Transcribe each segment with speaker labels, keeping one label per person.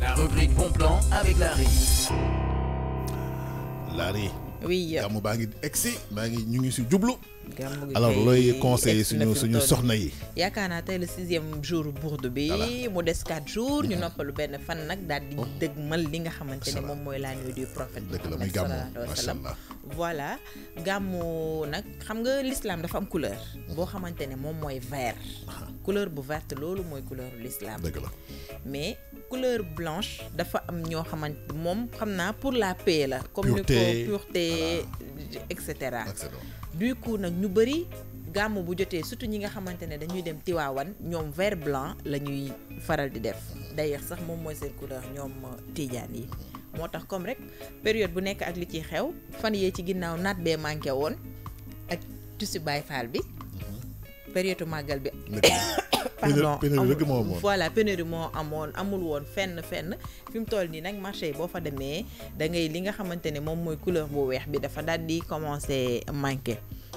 Speaker 1: La rubrique bon plan avec Larry.
Speaker 2: Larry. oui gàmmu exi, alors conseil. suñu suñu soxna yi.
Speaker 1: le sixième jour bourde bi. mu quatre jours ñu noppalu ben fan nak dal di oh. li voilà gamo nag xam nga l'islam dafa am couleur boo xamante ne moom mooy vert ah. couleur bu verte loolu mooy couleur l'islam mais couleur blanche dafa am ñoo xamante moom xam naa pour la paix la comme ni pureté etc. cetera du coup nag ñu bëri gàmm bu jotee surtout ñi nga xamante ne dañuy dem Tiwaawan ñoom vert blanc la ñuy faral di def d'ailleurs sax moom mooy seen couleur ñoom tijaan yi moo tax comme rek période bu nekk ak li ciy xew fan yee ci ginnaaw naat bee manqué woon ak tissu Baay Faal bi mhm. période màggal bi
Speaker 2: pardon voilà
Speaker 1: pénurie moo amoon amul woon fenn fenn fi mu toll nii nag marché yi boo fa demee da ngay li nga xamante ne moom mooy couleur bu weex bi dafa daal di commencé manqué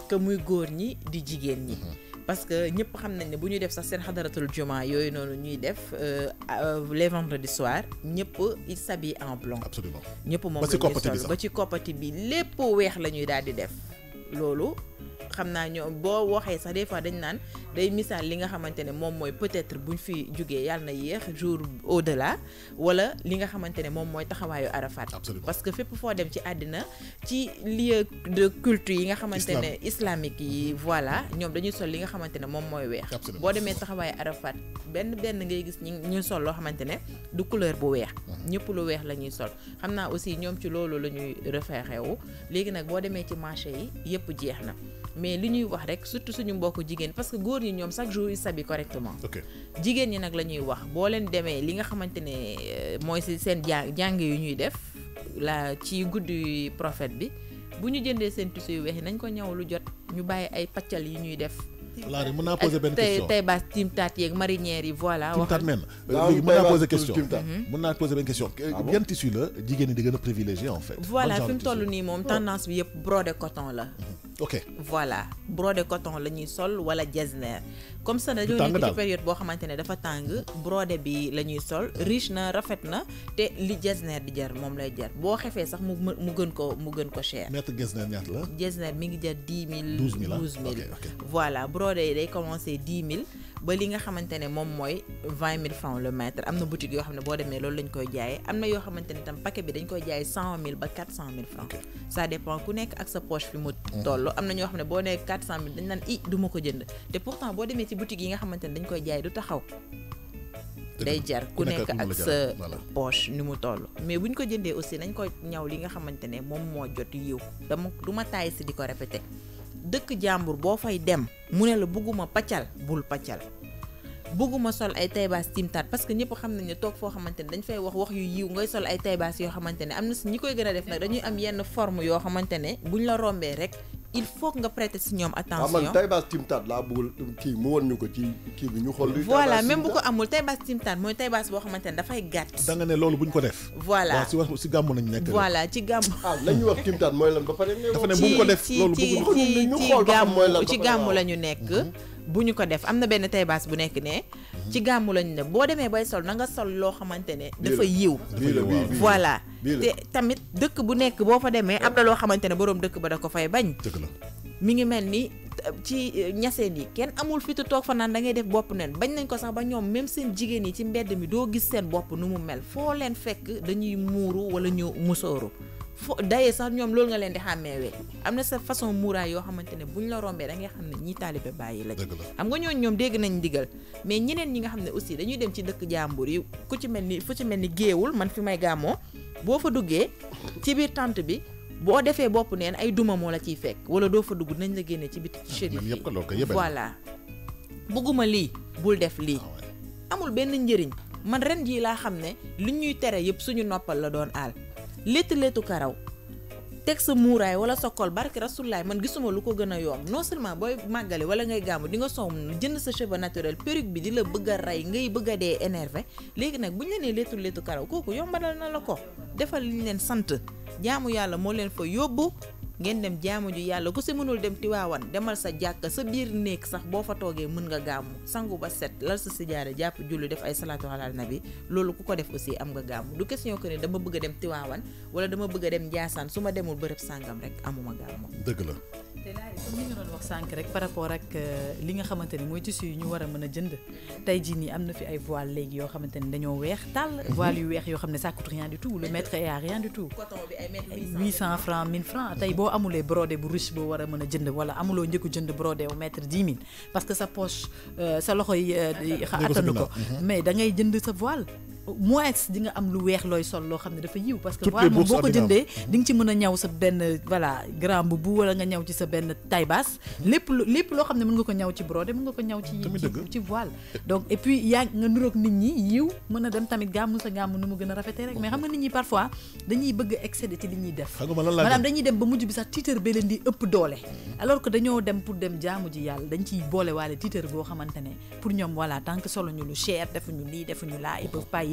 Speaker 1: que muy góor ñi di jigéen ñi mhm. parce que ñëpp xam nañ ne bu ñuy def sax seen xadaratul juma yooyu noonu ñuy def euh, euh, les vendredis soir ñëpp il s'habille en blanc. absolument ñëpp moom la ñuy sol ba ci koppati bi lépp weex la ñuy daal di def loolu xam naa ñoo boo waxee sax des fois dañ naan day misaal li nga xamante ne moom mooy peut-être buñ fi jugee yàlla na yéex jour au delà wala li nga xamante ne moom mooy taxawaayu Arafat parce que fépp foo dem ci àddina ci lieu de culture yi nga xamante ne islamique yi voilà ñoom dañuy sol li nga xamante ne moom mooy weex boo demee taxawaayu Arafat benn benn ngay gis ñi ñu sol loo xamante ne du couleur bu weex mhm. ñëpp lu weex la ñuy sol xam naa aussi ñoom ci loolu la ñuy référé wu léegi nag boo demee ci marché yi yépp jeex na mais li ñuy wax rek surtout suñu mbokk jigéen parce que góor ñi ñoom chaque jour ils sabi correctement jigéen ñi nag la ñuy wax boo leen demee li nga xamante ne euh, mooy si seen jàng yu ñuy def la ci guddi prophète bi bu ñu jëndee seen tissu yu weex nañ ko ñaw lu jot ñu bàyyi ay paccal yi ñuy def voilà euh, mën naa poser benn question tey ah baas timtaat yeeg marinière yi voilà. waxal timtaat mel léegi mën naa poser
Speaker 2: question mën naa poser benn question. yan tissu la jigéen ñi di gën a privilégié en fait. voilà fi mu
Speaker 1: toll nii moom tendance bi yëpp brodé coton la. Mhm ok voilà bro de coton lañuy sol wala jesner comme ça dañoo ñu ci période bo xamantene ne dafa tàng brodé bi lañuy sol riche na rafet na té li jesner di jar mom lay jar bo xefé sax mu mu gën ko mu gën ko cher.
Speaker 2: mètre jesner ñaata la.
Speaker 1: jesner mi ngi jar 10000 12000 douze mille ah. voilà brodé yi day commencé 10000 ba li nga xamante ne moom mooy vingt mille francs le mètre am na boutique yoo xam ne boo demee loolu lañ koy jaayee am na yoo xamante ne tam paquet bi dañ koy jaay cent mille ba quatre cent mille francs ça dépend ku nekk ak sa poche mhm. xam ne boo nekk quatre cent mille dañ ma ko jënd te pourtant boo demee ci boutique yi nga xamante ne dañ koy jaay du day jar ku nekk ak sa poche ni mu toll mais bu ñu ko jëndee aussi nañ koy ñaw li nga xamante ne moom moo jot yiw dama du ma taay si di ko répété dëkk jàmbur boo fay dem mu ne la bugguma paccal bul paccal bugguma sol ay taybaas timtaat parce que ñëpp xam nañ ne toog foo xamante ne dañ fay wax wax yu yiw ngay sol ay taybaas yoo xamante ne am na ñi koy gën a def nag dañuy am yenn forme yoo xamante ne buñ la rombee rek il faut nga prêter ci ñom ah, attention. waaw man
Speaker 2: Taïbaas Timtat la bëgg ki mu woon ñuko ci ki bi ñu xol luy voilà même bu ko
Speaker 1: amul Taïbaas Timtat mooy Taïbaas bo xamantene da
Speaker 2: fay gatt da nga ne loolu buñ ko def. voilà ci si wax si gàmmu nañu nekk. voilà
Speaker 1: ci gamu ah la ñuy wax Timtat
Speaker 2: mooy lan ba pare. dafa ne buñ ko def loolu buñ ko ñu ci gamu moy mooy lan ci gamu lañu ñu
Speaker 1: nekk. Mhm. bu ko def amna na benn taybaas bu nekk ne ci gamu lañu ne boo demee bay sol na nga sol loo xamante ne dafa yiw voilà te tamit dëkk bu nekk boo fa demee am na loo xamante ne boroom dëkk ba da ko fay bañ. mi ngi mel ni ci eh, ñaseen yi kenn amul fitu toog fa naan da ngay def bopp neen bañ nañ ko sax ba ñoom même seen jigéen yi ci mbedd mi doo gis seen bopp nu mu mel foo leen fekk dañuy muuru wala ñu musóoru fo daye sax ñoom loolu nga leen di xàmmeewee am na sa façon muuraay yoo xamante ne bu buñ la rombee da ngay xam ne ñii taalibe bàyyi lañ xam nga ñooñ ñoom dégg nañ ndigal mais ñeneen ñi nga xam ne aussi dañuy dem ci dëkk jàmbur yi ku ci mel ni fu ci mel ni géewul man fi may gàmmoo boo fa duggee ci biir tente bi boo defee bopp neen ay duma moo la ciy fekk wala doo fa dugg nañ la génne ci biti ci ah, chérif
Speaker 2: yi voilà
Speaker 1: bëgguma lii bul def lii ah, amul benn njëriñ man ren jii laa xam ne li ñuy tere yëpp suñu noppal la doon aal létt léttu karaw teg sa muuraay wala sa kol barki rasulaay man gisuma lu ko gën a yomb non seulement booy màggale wala ngay gàmmu dinga nga somm jënd sa cheveux naturel perruque bi di la bëgg a rey ngay bëgga dee énervé léegi nag bu ñu la nee léttu léttu karaw kooku yombalal na la ko defal li ñu leen sant jaamu yàlla moo leen fa yóbbu ngeen dem jaamu ju yàlla ku si mënul dem tiwaawan demal sa jàkka sa biir néeg sax boo fa toogee mën nga gàmmu sangu ba set lal sa sijaare jàpp julli def ay salaatu ala nabi loolu ku ko def aussi am nga gàmmu du question que ne dama bëgg a dem tiwaawan wala dama bëgg a dem njaasaan su ma demul bërëb
Speaker 3: sàngam rek amuma gàmmu dëgg la te laaj comme li nga doon rek par rapport ak euh, li nga xamante ni mooy tissu yu ñu war a mën a jënd tey jii nii am na fi ay voile léegi yoo xamante ni dañoo weex tàll mhm. voile yu weex yoo xam ne ça coûte rien amulee brodé bu riche boo war a mën a jënd wala amuloo njëkku jënd brodé wu mètre dix mille parce que sa poche euh, sa loxo yi euh, attanu ko mais da jënd sa voile moins di nga am lu weex looy sol loo xam ne dafa yiw parce que voilà moom boo ko jëndee di nga ci mën a ñaw sa benn voilà grand bu wala nga ñaw ci sa benn taille basse lépp lépp loo xam ne mën nga ko ñaw ci brodé mën nga ko ñaw ci ci voile donc et puis yaa nga nuroog nit ñi yiw mën a dem tamit gàmmu sa gàmmu nu mu gën a rafetee rek mais xam nga nit ñi parfois dañuy bëgg excéder ci li ñuy def maanaam dañuy dem ba mujj bi sax tiitër bee leen di ëpp doole alors que dañoo dem pour dem jaamu ji yàlla dañ ciy boole waale tiitër boo xamante ne pour ñoom voilà tant que ñu lu cher defuñu lii defuñu laa ils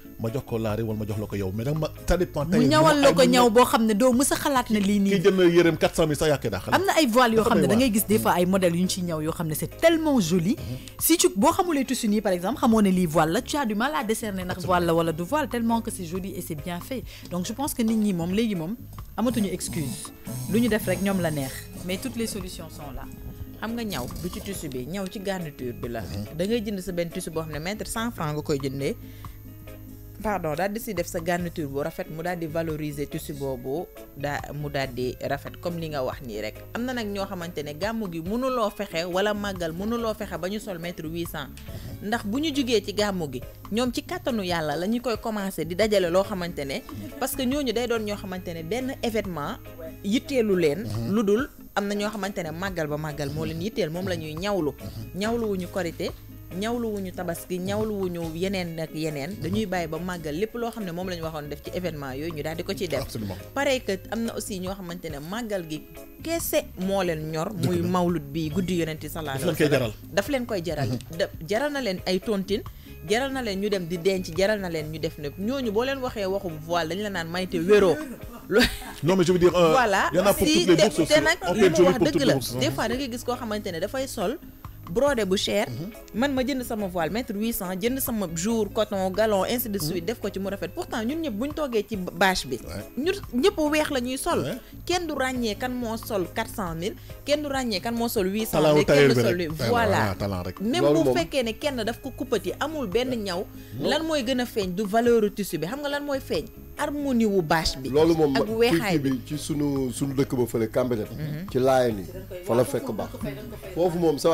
Speaker 2: ma jox ko laari wala ma jox la ko yow mais nag ma ça dépend mu ñawal la ko ñaw boo xam ne doo mës a xalaat na lii nii ki jënd yërëm 400000 sax yàqee daa am na ay voile yoo xam ne da ngay
Speaker 3: gis des fois ay modèles yu ñu ci ñaw yoo xam ne c'est tellement joli mhm. si tu boo xamulee tissu nii par exemple xamoo ne lii voile la tu as du mal à décerner ndax voile la wala du voile tellement que c'est joli et c'est bien fait donc je pense que nit ñi moom léegi moom amatuñu excuse lu ñu def rek ñoom la neex mais toutes les solutions sont là xam nga ñaw bu ci tissu
Speaker 1: bi ñaw ci garniture bi la mhm. da ngay jënd sa benn tissu boo xam ne mètre cent francs nga koy jëndee pardon daal di si def sa garniture bu rafet mu daal di valoriser tissu boobu daa mu daal di rafet comme li nga wax nii rek am na nag ñoo xamante ne gàmmu gi mënuloo fexe wala màggal mënuloo fexe ba ñu sol mètre huit cent ndax bu ñu jugee ci gàmmu gi ñoom ci kattanu yàlla la ñu koy commencé di dajale loo xamante ne parce que ñooñu day doon ñoo xamante ne benn événement yitteelu leen mhm. lu dul am na ñoo xamante ne màggal ba màggal moo leen yitteel moom la ñuy ñawlu mhm. wuñu korité ñawluwuñu tabaski ñawluwuñu yeneen ak yeneen dañuy bàyyi ba màggal lépp loo xam ne moom la ñu waxoon def ci événement yooyu ñu daal di ko ciy def pareil que am na aussi ñoo xamante ne màggal gi kese moo leen ñor muy mawlud bi guddi yonent sallallahu alayhi wasallam daf leen koy jaral da na leen ay tontine jaral na leen ñu dem di denc jaral na leen ñu def ne ñooñu boo leen waxee waxu voile dañu la naan mayte wéroo
Speaker 2: non mais je veux dire euh, voilà si te nag li
Speaker 1: mu gis koo xamante ne dafay sol brodé bu cher. Mhm. man ma jënd sama voile mètre 800 jënd sama jour coton galon ainsi de mhm. suite def ko ci rafet pourtant ñun ñëpp buñ bâche bi. la ñuy sol. kenn du ràññee kan sol 400 000, du kan sol 800, 000 sol voilà
Speaker 2: même bu fekkee
Speaker 1: ne kenn daf ko amul benn lan a
Speaker 2: du valeur tissu bi xam nga lan mooy feeñ. harmonie wu bâche bi. loolu moom bi ci sunu sunu dëkk ba fële mhm. ci fa la fekk baax sa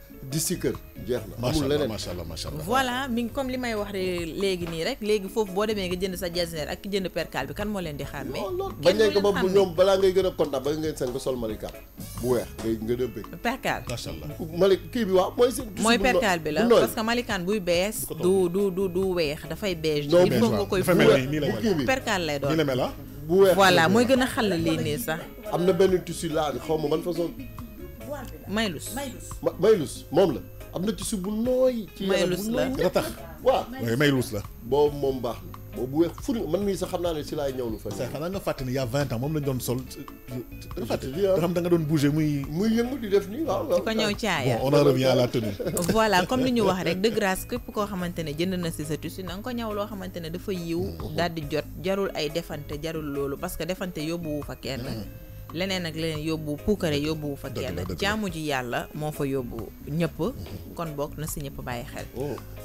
Speaker 2: di si kër jeex na amul allah
Speaker 1: voilà mi ngi comme li may wax léegi nii rek léegi foofu boo demee nga jënd sa jasneer ak ki jënd percal bi kan moo leen di xàmmee bañ nañ ko ba bu ñoom
Speaker 2: balaa ngay gën a kontaan ba ngeen seen nga sol malikaat bu weex ngay nga bëgg percal bi waaw mooy seen mooy bi la parce
Speaker 1: que malikaan buy bees du du du weex dafay beige il faut nga koy fuur percal lay doon
Speaker 2: ah? bu weex voilà mooy gën a xàll lii nii sax am na benn tissu laa xaw ma ban façon maylus maylus moom la am na ci su bu nooy ci maylus la nga tax waaw mooy maylus la boobu moom baax na boobu weex fur man mii sax xam naa ne si laay e ñëwlu fay xanaa ya nga fàtte ne y' a 20 ans moom lañ doon sol fàtte xam ya. da nga doon bouger muy muy yëngu di def nii waaw
Speaker 1: waaw ko ñëw ci aya on en revient à la tenue voilà comme li ñu wax rek de grâce képp koo xamante ne jënd na si sa tissu na nga ko ñëw loo xamante ne dafa yiw mm-hmm. daal di jot jarul ay defante jarul loolu parce que defante yóbbuwu fa kenn mm-hmm. leneen ak leneen yóbbu puukare yóbbuwu fa kenn jaamu ji yàlla moo fa yóbbu ñëpp mm-hmm. kon bokk na si ñëpp bàyyi xel oh.